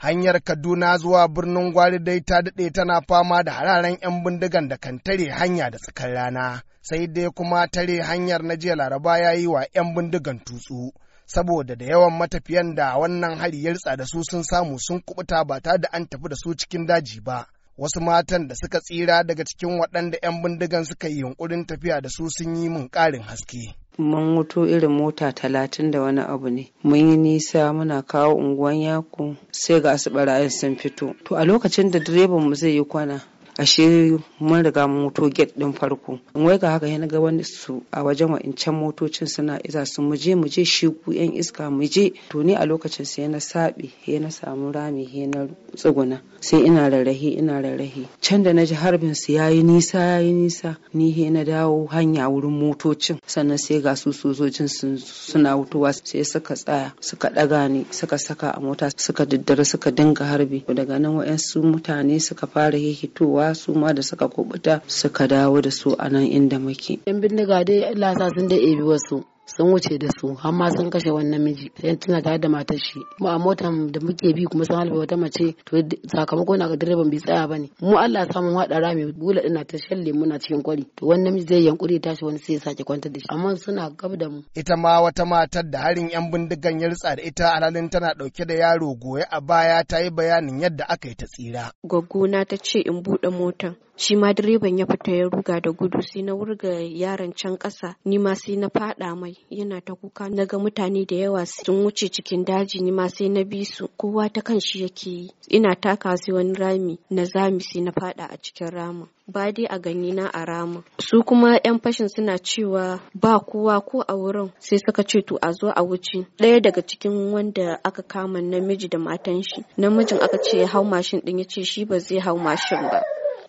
hanyar Kaduna zuwa birnin Gwari dai ta daɗe tana fama da hararen 'yan bindigan da kan tare hanya da tsakar rana, sai dai kuma tare hanyar na jiya Laraba ya yi wa 'yan bindigan tutsu. Saboda da yawan matafiyan da wannan hari ya ritsa da su sun samu sun kubuta ba ta da an tafi da su cikin daji ba. Wasu matan da suka tsira daga cikin waɗanda 'yan bindigan suka yi yunkurin tafiya da su sun yi mun ƙarin haske. mun wuto irin mota talatin da wani abu ne mun yi nisa muna kawo unguwan yaku sai ga asibar sun fito to a lokacin da direban mu zai yi kwana ashe mun riga mun mutu gate din farko in wai ga haka ya ga wani su a wajen wa'incan motocin suna iza su mu je mu je shiku yan iska mu je to ni a lokacin sai na sabe sai na samu rami sai na tsuguna sai ina rarrahe ina rarrahe can da na ji harbin su yayi nisa yayi nisa ni he na dawo hanya wurin motocin sannan sai ga su sojojin suna wutowa sai suka tsaya suka daga ni suka saka a mota suka diddara suka dinga harbi daga nan wa'yansu mutane suka fara hihitowa su ma da suka kubuta suka dawo da su a nan inda muke. Yan bindiga dai lasa sun da ebi wasu sun wuce da su har ma sun kashe wannan namiji sai tana tare da matar shi mu a motan da muke bi kuma sun halbe wata mace to sakamako na ga direban bai tsaya bane mu Allah ya samu hada rami bula dina ta shalle muna cikin kwari to wannan miji zai yankuri ya tashi wani sai ya sake kwantar da shi amma suna gab da mu ita ma wata matar da harin yan bindigan ya da ita alalin tana dauke da yaro goye a baya ta yi bayanin yadda aka yi ta tsira gwaggona ta ce in bude motan shi ma direban ya fita ya ruga da gudu sai na wurga yaron can ƙasa ni ma sai na faɗa mai yana ta kuka na ga mutane da yawa sun wuce cikin daji ni ma sai na bi su kowa ta kan shi yake yi ina taka sai wani rami na zami sai na faɗa a cikin ramin ba dai a gani na a ramin su kuma yan fashin suna cewa ba kowa ko a wurin sai suka ce to a zo a wuce ɗaya daga cikin wanda aka kama namiji da matan shi namijin aka ce ya hau mashin din ya ce shi ba zai hau mashin ba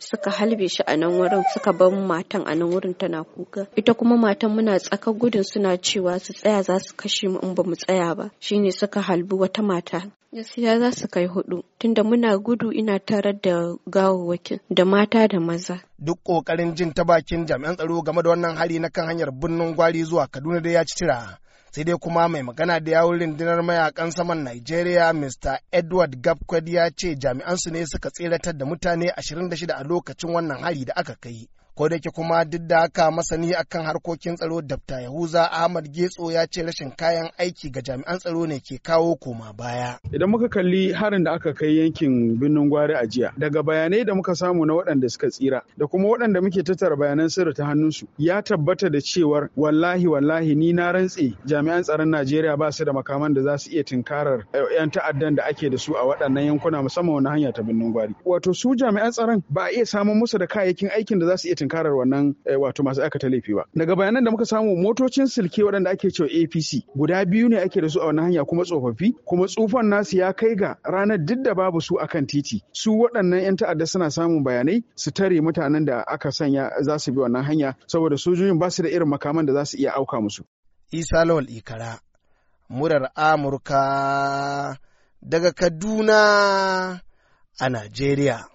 suka halbe shi a nan wurin suka bar matan a nan wurin tana kuka ita kuma matan muna tsakar gudun suna cewa su tsaya za su kashe mu in ba mu tsaya ba shine suka halbi wata mata gaskiya za su kai hudu tunda muna gudu ina tarar da gawawwakin da mata da maza duk kokarin jin ta bakin jami'an tsaro game da wannan hari na kan hanyar birnin gwari zuwa kaduna da ya ci tira sai dai kuma mai magana da yawun rundunar mayakan saman Najeriya Mr. Edward Gabkwad ya ce jami'ansu ne suka tseratar da mutane 26 a lokacin wannan hari da aka kai. ko da kuma duk da haka masani akan harkokin tsaro dabta yahuza ahmad getso ya ce rashin kayan aiki ga jami'an tsaro ne ke kawo koma baya idan muka kalli harin da aka kai yankin birnin gwari a jiya daga bayanai da muka samu na waɗanda suka tsira da kuma waɗanda muke tattara bayanan sirri ta hannunsu ya tabbata da cewar wallahi wallahi ni na rantse jami'an tsaron najeriya ba su da makaman da za su iya tinkarar eh, 'yan ta'addan da ake da su a waɗannan yankuna musamman wani hanya ta birnin gwari wato su jami'an tsaron ba a iya samun musu da kayayyakin aikin da za su iya tunkarar wannan eh, wato masu aikata laifi ba daga bayanan da muka samu motocin silke waɗanda ake cewa apc guda biyu ne ake da su a wannan hanya kuma tsofaffi kuma tsufan nasu ya kai ga ranar duk da babu su akan titi su waɗannan 'yan ta'adda suna samun bayanai su tare mutanen da aka sanya za su bi wannan hanya saboda sojojin ba su da irin makaman da za su iya auka musu isa lawal ikara murar amurka daga kaduna a najeriya